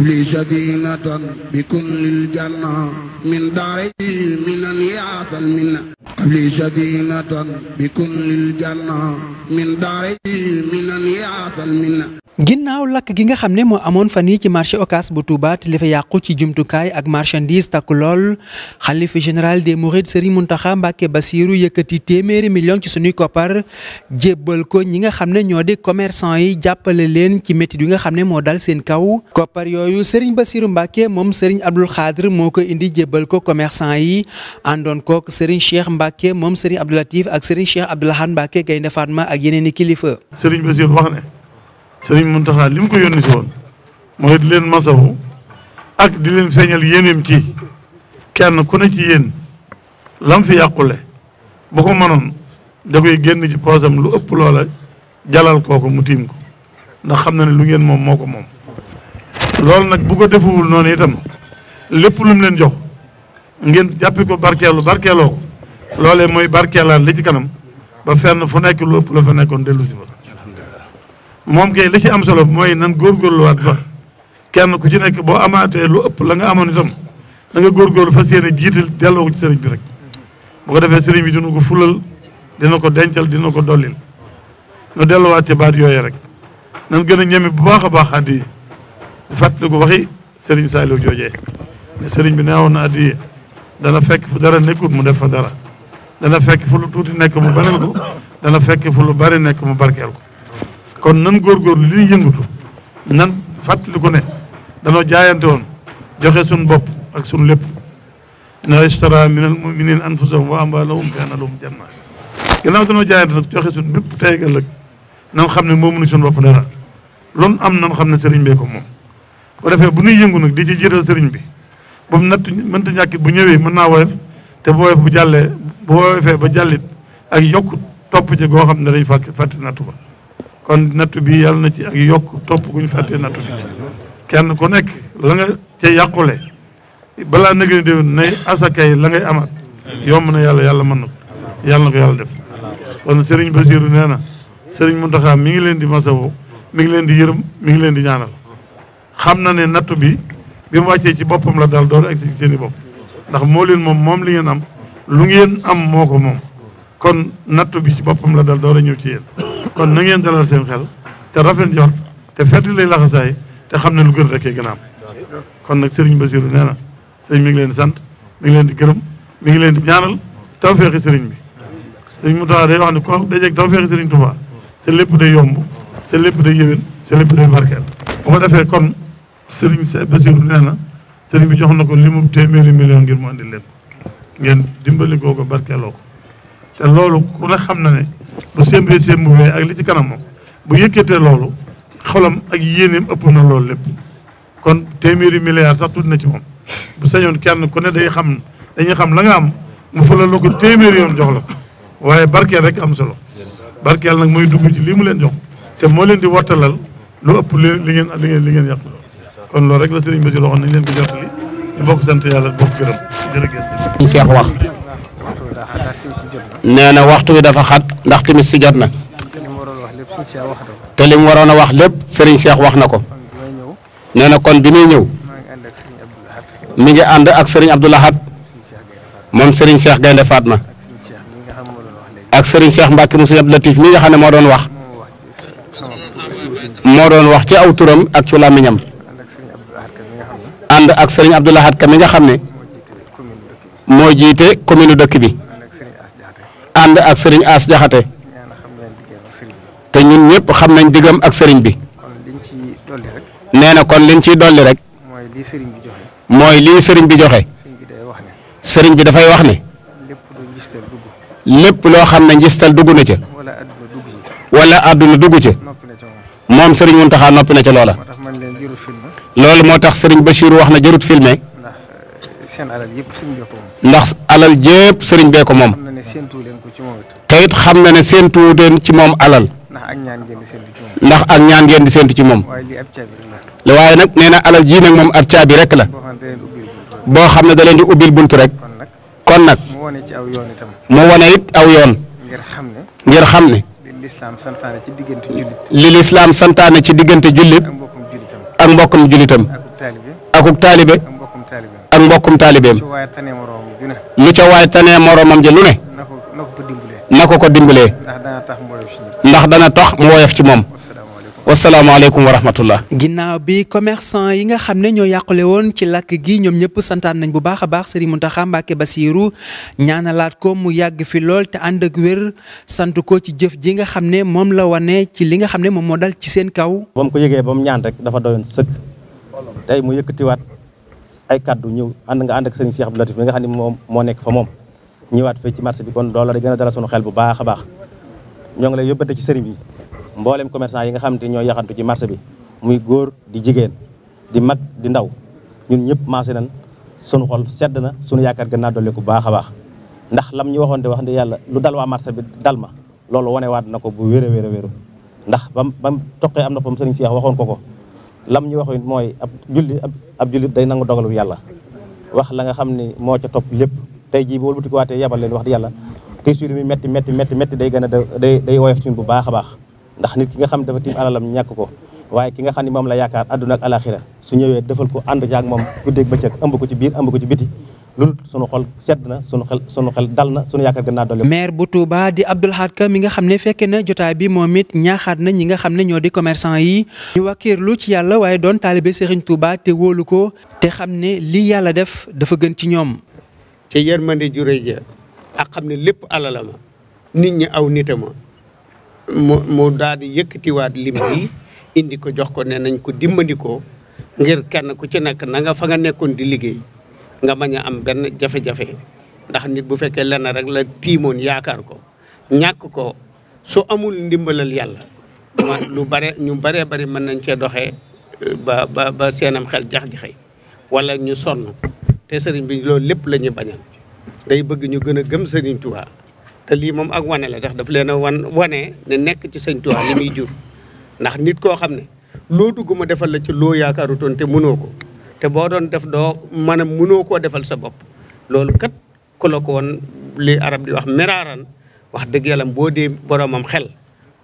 لي سكينة بكل الجنة من داري من الياس المنة لي سكينة بكل الجنة من داري من الياس المنة ginnaaw lakk gi nga xam mo moo fani fan yi ci marché Ocass bu Touba te li ci jumtukaay ak marchandise takku lool xalifa général des Mourides Serigne Mountakha Mbacké Bassirou yëkkati téeméeri million ci sunuy koppar jébbal ko ñi nga xam ne ñoo di commerçant yi jàppale leen ci métit yi nga xam ne dal seen kaw Serigne Serigne Khadr moo indi Jebolko ko commerçant yi sering kook Serigne Cheikh sering Abdulatif Serigne Abdou Latif ak Serigne Cheikh Abdoul Ahad Mbacké Gaïndé Fatma ak kilifa Serigne sëriñ Muntaxa li mu ko yónni si woon mooy di leen masawu ak di leen feeñal yéeneem ci kenn ku ne ci yéen lam fi yàqule ba ko mënoon da génn ci poosam lu ëpp loola jalal kooku mu tiim ko ndax xam na ne lu ngeen moom moo ko moom loolu nag bu ko defuwul noonu itam lépp lu leen jox ngeen jàppi ko barkeelu barkeeloo ko loolee mooy barkeelaat li ci kanam ba fenn fu nekk lu ëpp la fa nekkoon dellu si fa moom kay li ci am solo mooy nan góor góorluwaat ba kenn ku ci nekk boo amaatee lu ëpp la nga amoon itam da nga góorgóorlu fas yéene jiital delloo ko sëriñ bi rek boo ko defee sëriñ bi dina ko fulal dina ko dencal dina ko dollil nu delluwaat ci baat yooyu rek nan gën a ñeme bu baax a baax addi yi fàttaliku waxi sëriñ Saliou joojee ne sëriñ bi nee woon na addi dana fekk fu dara nekkut mu def fa dara dana fekk fu lu tuuti nekk mu bareel ko dana fekk fu lu bari nekk mu barkeel ko kon nan góor góor li ñuy yëngatu nan ko ne danoo jaayante woon joxe sun bopp ak suñu lépp na istara minal muminina anfusahum wa amwalahum bi anna lahum janna gannaaw danoo jaayante nag joxe suñu bépp tey ak ëllëg nan xam ne moom nu suñu bopp dara loolu am nan xam ne sëriñ bee ko moom bu defee bu ñuy yëngu nag di ci jiital sëriñ bi ba mu natt mënta ñàkkit bu ñëwee mën naa woyof te bu woyof bu jàllee bu woyofee ba jàllit ak yokk topp ci goo xam ne dañ fàkk fàtte nattu ba kon nattu bi yàlla na ci ak yokk topp guñ fàttee natt bi kenn ku nekk la nga ca yàqule balaa nag ne déwén ne asakay la ngay amaat yomb na yàlla yàlla mën na ko yàlla ko yàlla def kon sëriñ Basiru nee na Serigne Mountakha mi ngi leen di masawu mi ngi leen di yërëm mi ngi leen di ñaanal xam na ne nattu bi bi mu wàccee ci boppam la daal door ak si seen i bopp ndax moo leen moom moom li ngeen am lu ngeen am moo ko moom kon nattu bi ci boppam la daal door a ñëw ci yéen kon na ngeen dalal seen xel te rafet jor te fetli lay laxasaay te xam ne lu gën rekkee gën a kon nag sëriñ Basiru nee na sëriñ mi ngi leen sant mi ngi leen di gërëm mi ngi leen di ñaanal tawfeexi sëriñ bi sëriñ mu tawa day wax ne ko dajeeg tawfeexi sëriñ Tuubaa sa lépp day yomb sa lépp day yëwén sa lépp day barkeel bu ko defee kon sëriñ Basiru nee na sëriñ bi jox na ko limu téeméeri million ngir mu andi leen ngeen dimbali koo ko barkeeloo ko te loolu ku ne xam na ne bu seen bee seen bu ak li ci kanamam bu yëkkatee loolu xolam ak yéeneem ëpp na loolu lépp kon téeméeri milliards sax tudd na ci moom bu sañoon kenn ku ne day xam dañuy xam la am mu fulal la ko téeméeri yoon jox la waaye barkeel rek am solo barkeel nag mooy dugg ci lii mu leen jox te moo leen di wattalal lu ëpp li li ngeen li ngeen li ngeen yàq kon loolu rek la sëriñ Basiru waxoon nañ ko jottali ñu bokk sant yàlla bokk gërëm jërëjëf. waxtu wi dafa xat. ndax tamit si jot na. te li mu waroon a wax lépp Serigne Cheikh wax na ko. nee na kon bi muy ñëw. mi ngi ànd ak Serigne Abdou Lahad moom Serigne seex Gaynde Fatma ak sëriñ Cheikh Mbacke mu Serigne Abdou Latif mi nga xam ne moo doon wax. moo doon wax ci aw turam ak ci làmmiñam ànd ak Serigne Abdou Lahad Ka mi nga xam ne moo jiite commune dëkk bi. ànd ak serigne As Jaxate te ñun ñëpp xam nañ digam ak serigne bi neena kon liñ ci doli rek moy li serigne bi joxe serigne bi joxe sëriñ dafay wax ne lépp lo xamne ngistal duggu na ci wala aduna duggu ci mom serigne muntaha nopi na ca loola loolu moo tax sëriñ Bachir wax na jarut filmé ndax alal yep serigne be ko mom ne séentu leen ko xam na ne séentu leen ci moom alal. ndax ak ñaan ngeen di séentu ci moom. ndax ak ñaan ngeen di séentu ci moom. waaye lii ab nag nee na alal jii nag moom ab caabi rek la. boo xam ne da leen di ubbil buntu rek. kon nag mu wane ci aw yoon itam. mu wane it aw yoon. ngir xam ne. ngir xam ne. li lislaam santaane ci diggante jullit. li lislaam santaane ci diggante jullit. ak mbokkum jullitam. ak mbokkum jullitam. ak mbokkum taalibeem. lu ca waay tanee moroomam ji lu ne. lu ca waay tanee lu ne. na ko ko dimbalee ndax dana tax mu woyof ci moom wasalaamaaleykum wa rahmatullah ginnaaw bi commerçant yi nga xam ne ñoo yàqule woon ci làkk gi ñoom ñëpp santaan nañ bu baax a baax sëriñ Muntaxa Mbàkke Basiiru ñaanalaat ko mu yàgg fi lool te ànd ak wér sant ko ci jëf ji nga xam la ci li nga dal ci seen kaw ko ñaan rek dafa doyon sëkk tey mu yëkkatiwaat ay kàddu ñëw ànd nga ànd ak sëriñ Cheikh Abdou Latif nga nekk fa ñëwaat fii ci marché bi kon loolu da gën a dara sunu xel bu baax a baax ñoo ngi lay yóbbante ci sëriñ bi mboolem commerçant yi nga xam te ñoo yaxantu ci marché bi muy góor di jigéen di mag di ndaw ñun ñëpp marché nan sunu xol sedd na sunu yaakaar gën naa dolli ko bu baax a baax ndax lam ñu waxoon de wax ne yàlla lu dal waa marché bi dal ma loolu waat na ko bu wér a wér a wér ndax bam bam toqee am na fam sëriñ Cheikh waxoon ko ko lam ñu waxoon mooy ab julli ab jullit day nangu dogalu yàlla wax la nga xam ne moo ca topp tey jii bu wëlbatiku waatee yebal leen wax di yàlla tey lu muy métti métti métti métti bu baax a baax ndax nit ki nga xam dafa tiim alalam ñàkk ko waaye ki nga xam ne moom la yaakaar àdduna ak alaxira su ñëwee defal ko ànd jaag moom guddeeg bëccëg ëmb ko ci xol sedd na sunu xel sunu xel dal na sunu yaakaar gën naa dolli. maire bu di Abdoul Ahad Ka mi nga xam ne fekke na jotaay bi moom it ñaaxaat na ñi nga xam ne ñoo di commerçant yi. ñu wàkkirlu ci yàlla waaye doon taalibe Serigne Touba te wóolu ko te xam ne lii yàlla def dafa gën ci ñoom. te yërmande ju rëy ja ak xam lepp alalama alala ma nit ñi aw nitama mo daal di waat lim bi indi ko jox ko ne nañ ko dimbandikoo ngir kenn ku ci nekk na nga fa nga nekkon di liggéey nga baña am ben jafe-jafe ndax nit bu fekke lenn rek la timon yaakar ko ñak ko su amul ndimbalal yalla ma lu bare ñu bare bare man nañ ci doxé ba ba ba seenam xel jax jaxay wala ñu sonn te sëriñ bi loolu lépp la ñuy bañal day bëgg ñu gën a gëm sëriñ Tuubaa te lii moom ak wane la tax daf leen wan wane ne nekk ci sëñ Tuubaa li muy jur ndax nit koo xam ne loo dugg ma defal la ci loo yaakaarutoon te mënoo ko te boo doon def doo mën a mënoo koo defal sa bopp loolu kat ku la li arab di wax meraaran wax dëgg yàlla boo dee boromam xel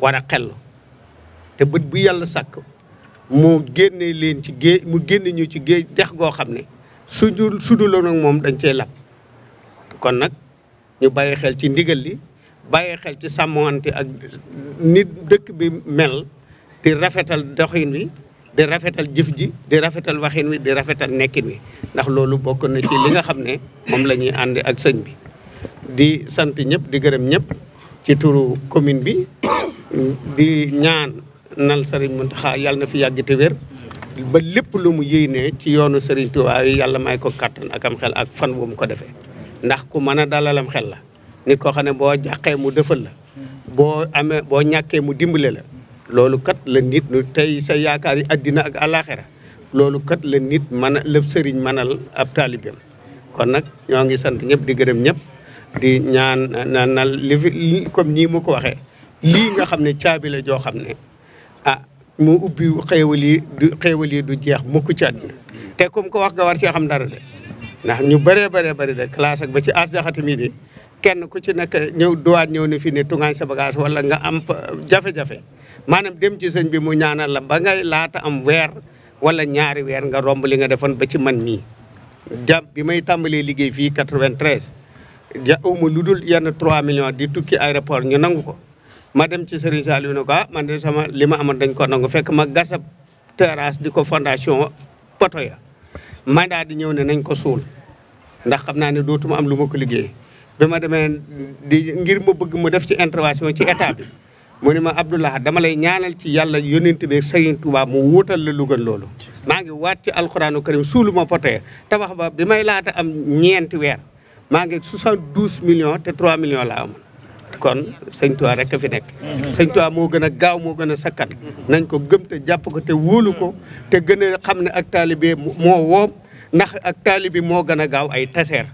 war xel xellu te bët bu yàlla sàkk mu génne leen ci géej mu génne ñu ci géej dex goo xam ne sudul dul nak mom dañ cee lap kon nak ñu baye xel ci ndigal li baye xel ci samonté ak nit dëkk bi mel di rafetal doxin wi di rafetal jëf ji di rafetal waxin wi di rafetal nekkin wi ndax lolu bokk na ci li nga xamné mom lañuy andi ak sëñ bi di sant ñëpp di gërëm ñëpp ci turu commune bi di ñaan nal Sëriñ Muntaxa yàlla na fi yagg te wer ba lépp lu mu yéene ci yoonu Serigne Touba yi yàlla may ko kattan ak am xel ak fan bu mu ko defee ndax ku mën a dalalam xel la nit koo xam ne boo jàqee mu defal la boo amee boo ñàkkee mu dimbale la loolu kat la nit tey sa yaakaar yi àddina ak àllaaxira loolu kat la nit mën a la sëriñ mënal ab taalibeem kon nag ñoo ngi sant ñëpp di gërëm ñépp di ñaan na na li fi comme nii mu ko waxee lii nga xam ne caabi joo xam ne ah, mu ubbi xéewal yi du xéewal du jeex mukk ci àdduna te kum ko wax nga war cee xam dara de ndax ñu bëree bëree bëri de classe ba ci as jaxati mii nii kenn ku ci nekk ñëw duwaat ñëw ne fii ne tungaañ sa bagage wala nga am jafe-jafe maanaam dem ci sëñ bi mu ñaanal la ba ngay laata am weer wala ñaari weer nga romb li nga defoon ba ci man mii jam bi may tàmbalee liggéey fii 93 ja uma lu dul yenn 3 millions di tukki aéroport ñu nangu ko ma dem ci Serigne Saliou ne ko ah man de sama li ma amoon dañ ko nangu fekk ma gasab terrasse di ko fondation poto ya ma daal di ñëw ne nañ ko suul ndax xam naa ne dootuma am lu ma ko liggéey bi ma demee di ngir ma bëgg mu def ci intervention ci état bi mu ne ma Abdoulaye dama lay ñaanal ci yàlla yónent bi Serigne tubaab mu wuutal la lu loolu maa ngi waat ci alxuraanu karim suulu ma poto ya tabax ba bi may laata am ñeent weer maa ngi 72 millions te 3 millions laa amoon kon sëñ Tuubaa rek a fi nekk. sëñ Tuubaa moo gën a gaaw moo gën a sakkan. nañ ko gëm te jàpp ko te wóolu ko te gën a xam ne ak taalibe moo woom ndax ak taalibe moo gën a gaaw ay taseer.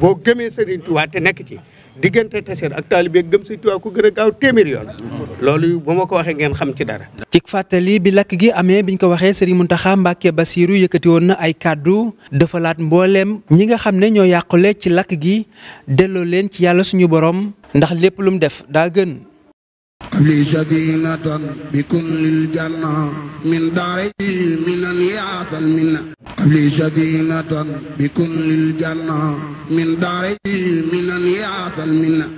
boo gëmee sëriñ Tuubaa te nekk ci diggante taseer ak taalibe gëm sëñ Tuubaa ko gën a gaaw téeméer yoon. loolu bu ma ko waxee ngeen xam ci dara. ci fàttali bi lakk gi amee biñ ko waxee Serigne Mountakha Mbacké Bassirou yëkkati woon na ay kàddu defalaat mbooleem ñi nga xam ne ñoo yàqule ci lakk gi delloo leen ci yàlla suñu boroom ndax lépp lu mu def daa gën. li sadinatan minan yaatal minna.